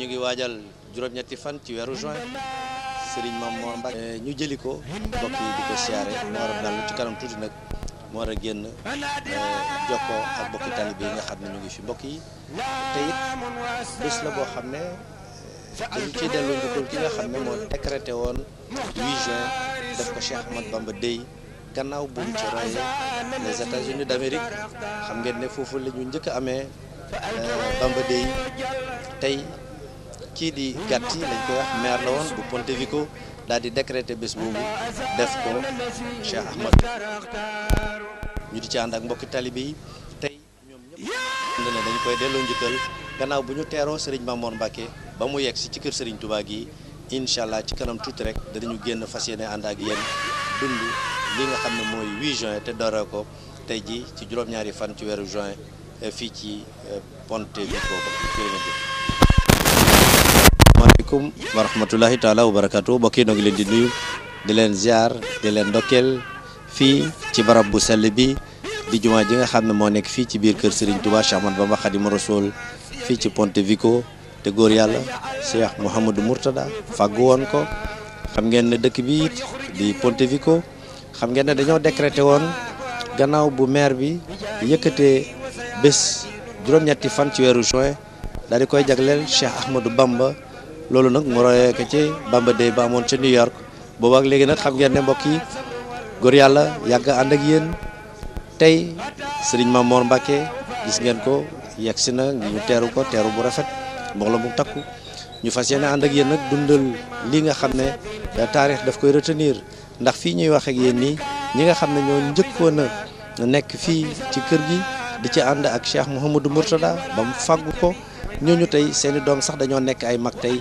ñu ngi waajal juróom-ñetti fan ci weeru juin Serigne Mame Mor Mbacke eh, ñu jëli ko mbokk di ko siyaare moo war a ci kanam tuuti nag moo war a génn eh, jokkoo ak mbokki talibé nga xam ne ñu ngi fi mbokk yi te it bés la boo xam ne eh, dañu ciy delloo njukkal ki nga xam ne moo décrété woon 8 juin def ko Cheikh Ahmad Bamba Dey gannaaw bu ñu ci royee xam ngeen ne foofu la ñu njëkk a amee euh, Bamba Day tey kii di Gatti lañ koy wax maire la woon bu Pontevico daal di décréter bés boobu def ko Cheikh Ahmad ñu di ci ànd ak mbokki talibe yi tey ñoom ñëpp dañ koy delloo njëkkal gannaaw bu ñu teeroo Serigne Mamour Mbacké ba mu yegg si ci kër sëriñ Touba yi incha allah ci kanam tuuti rek danañu génn fas yéene ànd ak yéen dund. li nga xam ne mooy 8 juin te dooree ko tey ji ci juróom-ñaari fan ci weeru juin eh, fii ci eh, Ponte Vecchio asalaamaaleykum wa rahmatulahi taala wa barakatu mbokk yi leen di nuyu di leen ziar di leen ndokkeel fii ci barab bu sell bi di jumaa ji nga xam ne moo nekk fii ci biir kër Serigne Touba Cheikh Ahmadou Bamba Khadimu Rasoul fii ci Ponte Vecchio te góor yàlla Cheikh Mouhamadou Mourtada fàggu woon ko xam ngeen dëkk bi di Ponte xam ngeen ne dañoo décrété woon gannaaw bu maire bi yëkkatee bés juróom-ñetti fan ci weeru juin daal di koy jagleel Cheikh Ahmadou Bamba loolu nag mu royee ci Bamba Day ba amoon ca New York boobu ak léegi nag xam ngeen ne mbokk yi góor yàlla yàgg ànd ak yéen tey Serigne Mamour Mbacke gis ngeen ko yegg si na ñu teeru ko teeru bu rafet mbooloo mu takku ñu fas yéene ànd ak yéen nag dundal li nga xam ne taarix daf koy retenir. ndax fii ñuy wax ak yéen nii ñi nga xam ne ñoo njëkkoon a nekk fii ci kër gi di ci ànd ak Cheikh Mouhamadou Mourtada ba mu fàggu ko ñooñu tey seeni i doom sax dañoo nekk ay mag tey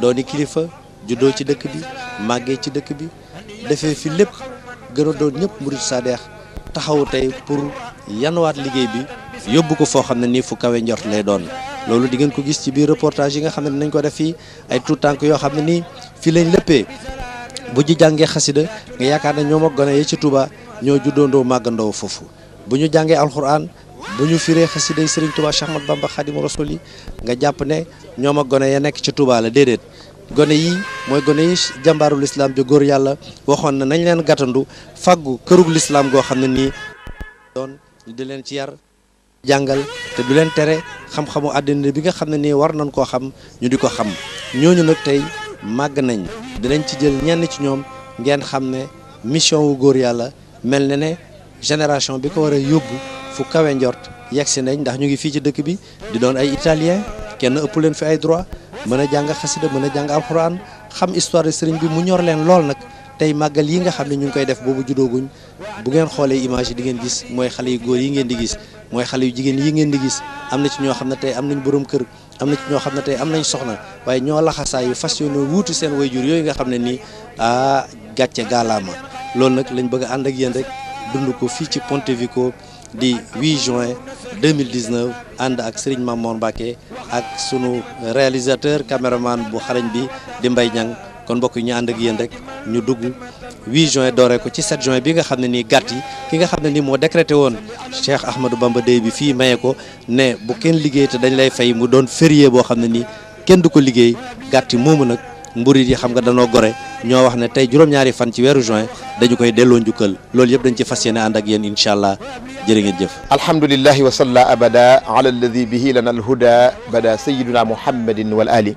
dooni kilifa juddoo ci dëkk bi màggee ci dëkk bi defee fi lépp gën a doon ñëpp murid sadeex taxawu tey pour yanuwaat liggéey bi yóbbu ko foo xam ne nii fu kawe njort lay doon loolu di ngeen ko gis ci biir reportage yi nga xam ne nañ ko def fii ay tout tànk yoo xam ne nii fii lañ léppee bu ñu jàngee xasida nga yaakaar ne ñoo ak gone yi ci tubaa ñoo juddoondoo màggandoo foofu bu ñu jàngee alxuraan bu ñu firee xasida yi Serigne Touba Cheikh Ahmadou Bamba Khadimu Rasul yi nga jàpp ne ñoom ak gone ya nekk ci tubaa la déedéet gone yi mooy gone yi jàmbaarul islam ju góor yàlla waxoon na nañ leen gàttandu fàggu kërug lislaam goo xam ne nii doon di leen ci yar jàngal te du leen tere xam-xamu àddina bi nga xam ne nii war nañ koo xam ñu di ko xam ñooñu nag tey màgg nañ dinañ ci jël ñenn ci ñoom ngeen xam ne mission wu góor yàlla mel na ne génération bi ko war yóbbu fu kawe njort yegg si nañ ndax ñu ngi fii ci dëkk bi di doon ay italien kenn ëpp leen fi ay droit mën a jàng xasida mën a jàng alxuraan xam histoire de sëriñ bi mu ñor leen lool nag tey màggal yi nga xam ne ñu ngi koy def boobu judooguñ bu ngeen xoolee image di ngeen gis mooy xale yu góor yi ngeen di gis mooy xale yu jigéen yi ngeen di gis am na ci ñoo xam ne tey am nañ borom kër am na ci ñoo xam ne tey am nañ soxna waaye ñoo laxasaayu fas yéene wuutu seen jur yooyu nga xam ne ni ah gàcce gaalaama loolu nag lañ bëgg a ànd ak yéen rek dund ko fii ci Pontevico di 8 juin 2019 ànd ak Serigne Mamour Mbacké ak sunu réalisateur caméraman bu xarañ bi di Mbaye Niang kon mbokk yi ñu ànd ak yéen rek ñu dugg 8 juin dooree ko ci 7 juin bi nga xam ne nii gàtt ki nga xam ne nii moo décrété woon Cheikh Ahmadou Bamba Day bi fii maye ko ne bu kenn liggéey te dañ lay fay mu doon férié boo xam ne ni kenn du ko liggéey gàtt yi moomu nag mburit yi xam nga danoo gore ñoo wax ne tey juróom-ñaari fan ci weeru juin dañu koy delloo njukkal loolu yëpp dañ ci fas yéene ànd ak yéen incha allah jërë ngeen jëf alhamdulilahi wa salla abada ala alladi bihi lana alhuda bada sayiduna muhammadin wal ali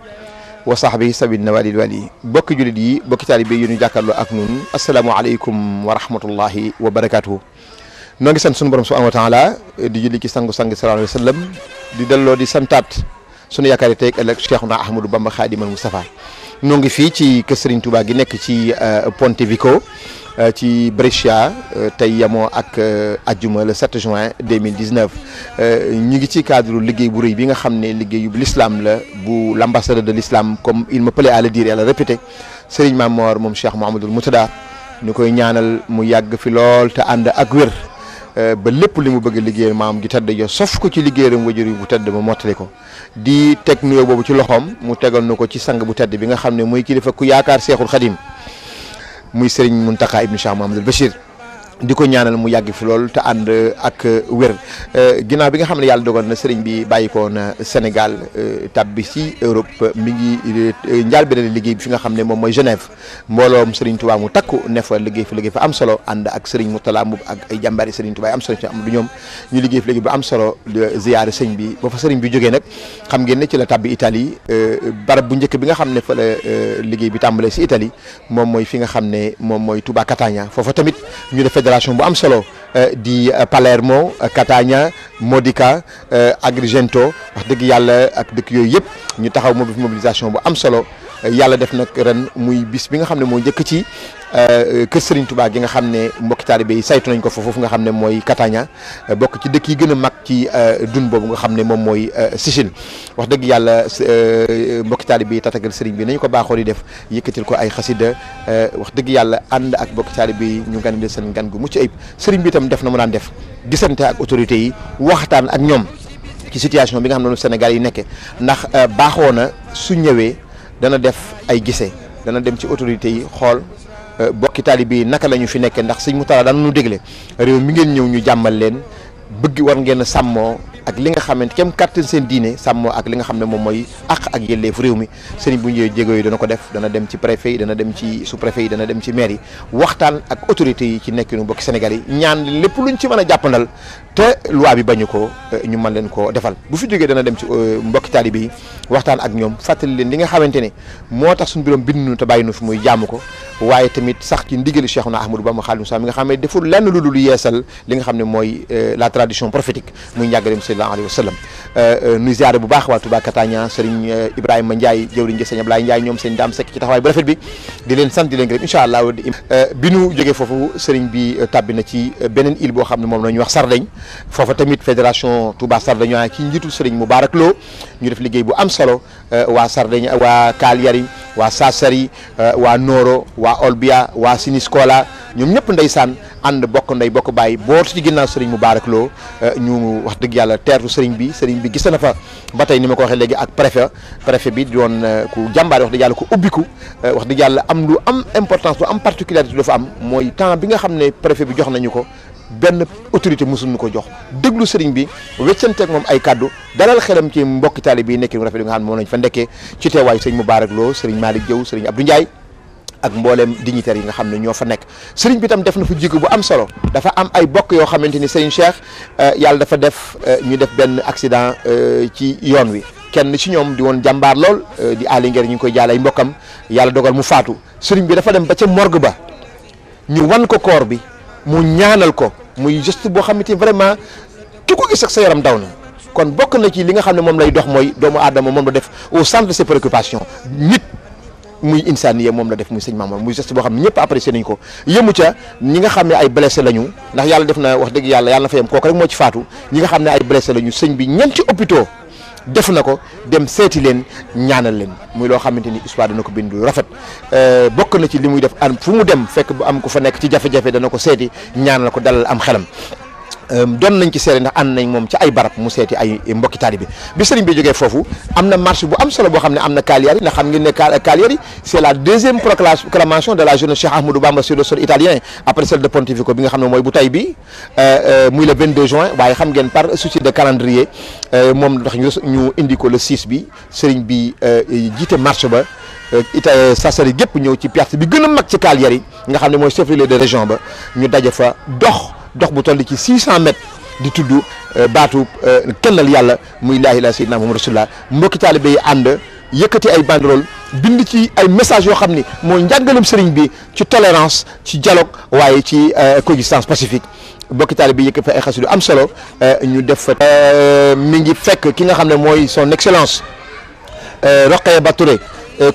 wa sahbihi sabil na wali bokki jullit yi bokki taalibe yi ñu jàkkaarloo ak nun asalaamualeykum wa rahmatullahi wa barakatuhu noo ngi sant sunu borom subhanahu wa taala di julli ki sangu-sang sallallahu alayhi wa sallam di delloo di santaat sunu yaakaar yi tey ëllëg Cheikhuna Ahmadou Bamba Khadimal Mustafa ñoo ngi fii ci kër Serigne Touba gi nekk ci euh, Pontevico euh, ci Brescia euh, tey yamoo ak ajjuma le 7 juin 2019 ñu ngi ci cadre liggéey bu rëy bi nga xam ne liggéeyu l'islam la bu l'ambassadeur de l'islam comme il me plaît à le dire et à le répéter Serigne Mamor moom Cheikh Mouhamadoul Moutada ñu koy ñaanal mu yàgg fi lool te ànd ak wér. Eh, ba lépp li mu bëgg liggéeyal maam gi tedd ja sof ko ci liggéeyam wajur yi bu tedd ba mottali ko di teg nuyoo boobu ci loxoom mu tegal nu ko ci sang bu tedd bi nga xam ne muy kilifa ku yaakaar seexul xadim muy sëriñ Muntaxa ibnu Cheikh Mahamadul Bachir di ko ñaanal mu yàgg fi lool te ànd ak wér euh, ginnaaw bi nga xam ne yàlla dogal na sëriñ bi bàyyi ko na euh, Sénégal euh, tàbbi si Europe mi ngi njaal beneen liggéey bi fi nga xam ne moom mooy Genève mbooloom sëriñ Tuubaa mu takku ne fa liggéey fa fa am solo ànd ak sëriñ Moutala Mbub ak ay sëriñ Tuubaa am solo ci am du ñoom ñu liggéey fa bu am solo ziyaare sëñ bi ba fa sëriñ bi jógee nag xam ngeen ne ci la tàbbi Italie barab bu njëkk bi nga xam ne fa la liggéey bi tàmbalee si itali moom mooy fi nga xam ne moom mooy Touba foofa tamit ñu def fédération bu am solo euh, di euh, Palermo euh, Catania Modica Agrigento wax dëgg yàlla ak dëkk yooyu yëpp ñu taxaw mobilisation bu am solo yàlla def nag ren muy bis bi nga xam ne mooy njëkk ci euh, kër Serigne tubaab yi nga xam ne mbokki taalibe yi saytu nañ ko fa foofu nga xam ne mooy Catania bokk ci dëkk yi gën a mag ci euh, dun boobu nga xam ne moom mooy euh, Sicile wax dëgg yàlla mbokki taalibe yi tatagal Serigne bi nañu ko baaxoo di def yëkkatil ko ay xasida wax dëgg yàlla ànd ak mbokki taalibe yi ñu ngan di seen ngan gu mucc ayib Serigne bi itam def na mu daan def gisante ak autorités yi waxtaan ak ñoom ci situation bi nga xam ne Sénégal yi nekkee ndax baaxoo na su ñëwee. dana def ay gise dana dem ci autorités yi xool euh, bokki taalibe yi naka la ñu fi nekkee ndax sëñ Moutalla daan nu dégle réew mi ngeen ñëw ñu jàmmal leen bëgg war ngeen sàmmoo ak li nga xamante kem kàttan seen diine sàmmoo ak li nga xam ne moom mooy àq ak yelleef réew mi sëriñ bu ñëwee jéego yi dana ko def dana dem ci préfet yi dana dem ci sous préfet yi dana dem ci maire yi ak autorités yi ci nekkinu bokki Sénégal yi ñaan lépp luñ ci mën a jàppandal te loi bi bañu ko euh, ñu man leen koo defal bu fi jógee dana dem ci euh, mbokki taalibe yi waxtaan ak ñoom fàttali leen li nga xamante ne moo tax suñu borom bind nu te bàyyi nu fi muy jàmm ko waaye tamit sax ci ndigali Cheikhouna Ahmadou Bamba Khadim Sa nga xam ne lenn lu dul yeesal li nga xam ne mooy euh, la tradition prophétique muy njàngaleem sallallahu alayhi wa sallam euh, euh, nuy ziare bu baax waa Touba Katania Serigne euh, Ibrahima Ndiaye jëwriñ ji Serigne Ablaye Ndiaye ñoom seen daam sekk ci taxawaay bu rafet bi di leen sant di leen gërëm incha allah bi nu jógee foofu Serigne bi tàbbi ci beneen île boo xam ne moom la wax Sardeñ foofa tamit fédération Touba Sardeñ waaye ci njiitu Serigne Moubarak Lo ñu def liggéey bu am solo waa Sardeñ waa Kaal Yari waa Sassari waa Nooro waa Olbia waa Siniscola ñoom ñëpp ndeysaan ànd bokk ndey bokk bàyyi boo boot ci ginnaaw sëriñ Moubarak loo euh, ñu wax dëgg yàlla teertu sëriñ bi sëriñ bi gis na fa ba tey ni ma ko waxee léegi ak préfet préfet bi doon euh, ku jàmbaar wax dëgg yàlla ko ubbiku euh, wax dëgg yàlla am lu am importance lu am particularité dafa am mooy temps bi nga xam ne préfet bi jox nañu ko benn autorité mosuñu ko jox déglu sëriñ bi weccanteeg moom ay kaddu dalal xelam ci mbokki taalibe yi nekk rafet fa ndekkee ci teewaayu sëriñ Moubarak Lo sëriñ Malick Diaw sëriñ Abdou Ndiaye ak mbooleem dignitaires yi nga xam ne ñoo fa nekk sëriñ bi tam def na fa jikko bu am solo dafa am ay bokk yoo xamante ni sëriñ Cheikh euh, yàlla dafa def euh, ñu def benn accident euh, ci yoon wi kenn ci ñoom di woon jàmbaar lool di aali ñu ngi koy jaal ay mbokkam yàlla dogal mu faatu sëriñ bi dafa dem ba ca morgue ba ñu wan ko koor bi mu ñaanal ko muy geste boo xamante vraiment ki ko gis ak sa yaram daw na kon bokk na ci li nga xam ne moom lay dox mooy doomu aadama moom la def au centre de muy insaaniya moom la def muy sëñ Mamour muy geste boo xam ne ñëpp apprécié ko yëmu ca ñi nga xam ne ay blessé lañu ndax yàlla def na wax dëgg yàlla yàlla na fa yem kooku rek moo ci faatu ñi nga xam ne ay blessé lañu sëñ bi ñeenti opito def na ko dem seeti leen ñaanal leen muy loo xamante ni histoire dana ko bindu rafet euh, bokk na ci li muy def an fu mu dem fekk bu am ku fa nekk ci jafe-jafe dana ko seeti ñaanal ko dalal am xelam. Ehm, doon nañ ci seere ndax ànd nañ moom ci ay barab mu seeti ay mbokki taalibe bi sëriñ bi jógee foofu am na marche bu am solo boo xam ne am na Cagliari ndax xam ngeen ne Cagliari c'est la deuxième proclamation de la journée Cheikh Ahmadou Bamba sur le sol italien après celle de Pontevico bi nga xam ne mooy bu bi euh, euh, muy le juin waaye xam ngeen par souci de calendrier euh, moom ndax ñu indi ko le 6 bi sëriñ bi jiite marche ba ita sasari gépp ñëw ci piazza bi gën a mag ci Cagliari nga xam ne mooy chef-lieu région ba ñu daje fa dox dox bu toll ci 600 mètres di tudd euh, baatu euh, kennal yàlla muy laa ilaaha sayyidinaa Muhammad rasulullah mbokki taalibe ànd yëkkati ay banderole bind ci ay message yoo xam ni mooy njàngalam sëriñ bi ci tolérance ci dialogue waaye ci euh, coexistence pacifique mbokki taalibe yi yëkk fa ay xasidu am solo ñu def fa mi ngi fekk ki nga xam ne mooy son excellence Rokhaya Ba Touré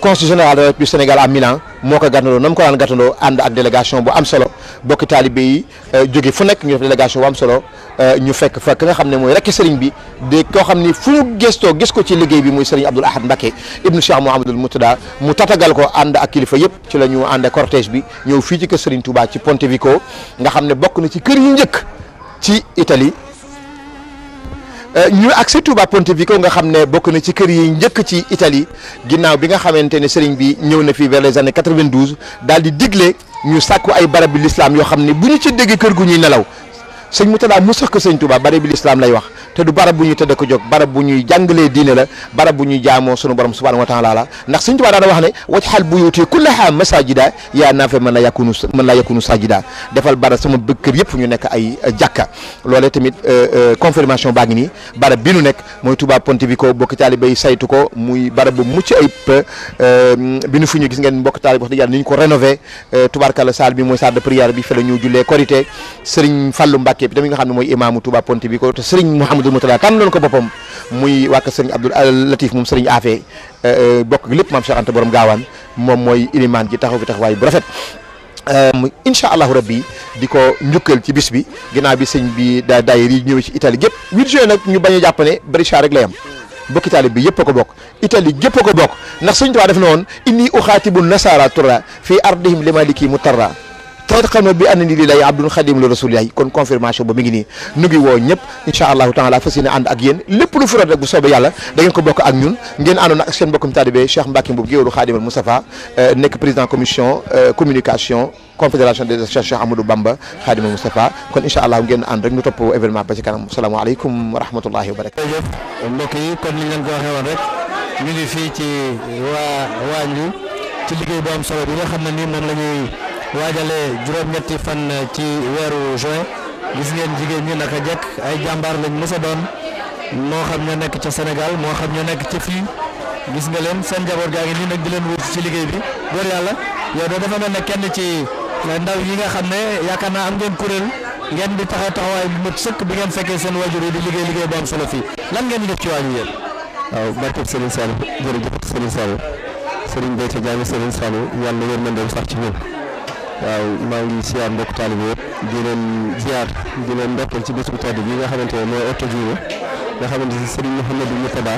consul général du Sénégal à Milan moo ko gàttandoo na ko daan gàttandoo ànd ak délégation bu am solo bokki taalibe yi euh, jóge fu nekk ñu def délégation bu am solo euh, ñu fekk fekk nga xam ne mooy rekk sëriñ bi de koo xam ni fu ñu gëstoo gis ko ci liggéey bi muy sëriñ Abdoul Ahad Mbacké ibnu Cheikh Mouhamadoul Moutada mu tatagal ko ànd ak kilifa yëpp ci la ñu àndee cortège bi ñëw fii ci kër sëriñ Touba ci Pontevico nga xam ne bokk na ci kër yu njëkk ci Italie Euh, ñu accès Touba Pontevico nga xam ne bokk na ci kër yi njëkk ci itali ginnaaw bi nga xamante ne sëriñ bi ñëw na fi vers les années 92 daal di digle ñu sàkku ay barab bi yoo xam ne bu ñu ci déggee kër gu ñuy nelaw sëñ Murtada mu sax ko sëñ Touba bare bi lislaam lay wax te du barab bu ñuy tëdd ko jóg barab bu ñuy jàngalee diine la barab bu ñuy jaamoo sunu borom subhanahu wa taala la ndax sëñ Touba daana wax ne wajxal buyuti kullaha masajida yaa naafe mën la yakunu mën la yakunu sajida defal barab sama bëgg kër yëpp ñu nekk ay jàkka loolee tamit euh, euh, confirmation baa ngi nii barab bi nu nekk mooy Touba Pontevico bokk taalibe yi saytu ko muy barab bu mucc ayib euh, bi nu fu ñu gis ngeen mbokk taalibe wax dëgg yàlla ko rénové tubaarkalla salle bi mooy salle de prière bi fa la ñu jullee korité sëriñ Fallou Mbacke Mbàkke bi tamit nga xam ne mooy imaamu Touba Ponti bi ko te Serigne Mouhamadul Moutala tànn loon ko boppam muy wàkk Serigne Abdoul Latif moom Serigne Afé euh, euh, bokk lépp maam Cheikh Anta borom gaawaan moom mooy ilimaan ji taxaw fi taxawaay bu rafet. Euh, incha allahu rabbi di ko njukkal ci bis bi ginnaaw bi sëñ bi da daayir yi ñëwee ci Italie gépp 8 nag ñu bañ a jàpp ne Brescia rek lay am bokk Italie bi yëpp a ko bokk Italie gépp a ko bokk ndax sëñ Tuubaa def na woon inni uxaatibu nasara turra fii ardihim limaliki mutarra tawat xam na bi ànd ni di lay abdul xadim la kon confirmation ba mi ngi woo ñëpp incha allahu taala fas yéene ak yéen lépp lu fi rek bu soobee yàlla da ngeen ko bokk ak ñun ngeen àndoon seen mbokkum taalibe Cheikh Mbacke Mboub Géewlu Xaadimal Moustapha euh, nekk président commission euh, communication confédération des Cheikh Amadou Bamba Xaadimal Moustapha kon incha allah ngeen ànd rek ñu topp événement ba ci kanam salaamaaleykum wa rahmatullahi wa waajalee juróom-ñetti fan eh, ci weeru juin gis ngeen jigéen ñi a jekk ay jàmbaar lañ mës a doon moo xam ñu nekk ca senegal moo xam ñu nekk ca fii gis nga leen seen njaboot gaa ngi nii di leen wut ci liggéey bi góor yàlla yow doo dafa mel ne kenn ci eh, ndaw yi nga xam ne yaakaar naa am ngeen kuréel ngeen di taxaw taxawaay bu mat sëkk bi ngeen fekkee seen wajur yi di liggéey liggéey bu am solo fii lan ngeen di def ci waañu yéen. waaw barkeb Serigne Saliou jërëjëf Serigne Saliou Serigne Béthio Diagne Serigne Saliou yàlla yërmandeem sax ci ñun waaw maa ngi siyaar mbokk taalibe yëpp di leen ziar di leen ci bés bu tedd bi nga xamante ne mooy Ortu nga xamante ne Serigne Mouhamadou Mourtada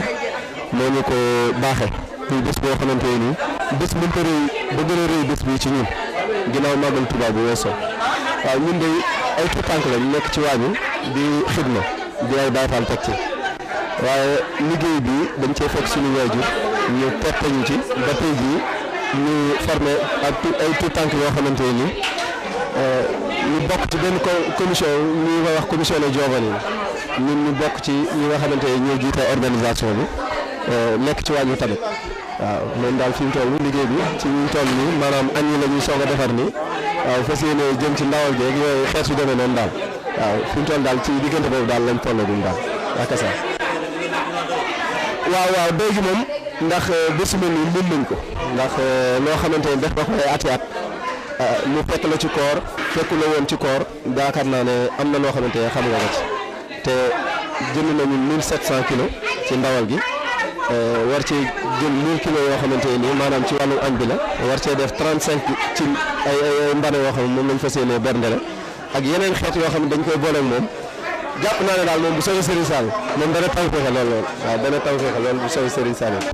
moo ñu ko baaxee muy bés boo xamante ne nii bés bu ko rëy ba gën a rëy bés bi ci ñun ginnaaw màggal Tuubaa bu weesoo waaw ñun de ay tànk lañ nekk ci waañu di xidma di ay baataal teg ci waaye liggéey bi dañ cee fekk suñu waajur ñu teg ñu ci ba tey ñu formé ak ay tout tànk yoo xamante ne nii euh, ñu bokk ci benn commission ñu nga wax commission ne joobal yi ñun ñu bokk ci ñi nga xamante ne ñoo jiite organisation bi euh, nekk ci wàññi tamit waaw loolu daal fi mu toll liggéey bi ci ñu toll maanaam añ yi la ñuy soog a defar nii waaw yéene jëm ci ndawal geeg yooyu xeet su demee noonu daal waaw fi mu toll daal ci diggante boobu daal lañ toll duñ daal ak sa waaw waaw doy gi moom. ndax euh, bés bu nañ ko ndax euh, loo xamante ne def na ko ay ati euh, ci koor fekku la woon ci koor yaakaar naa ne am na loo xamante ne xam nga ko ci te jënd nañu 1700 kilos ci ndawal gi war ci jël 1000 xamante ne nii maanaam ci wàllu añ war cee def 35 ci ay ay mbana yoo xam ne moom lañ fas yéenee berndele ak yeneen xeet yoo xam ne dañ koy booleeg moom. jàpp naa ne daal moom bu soobee Serigne Sall moom dana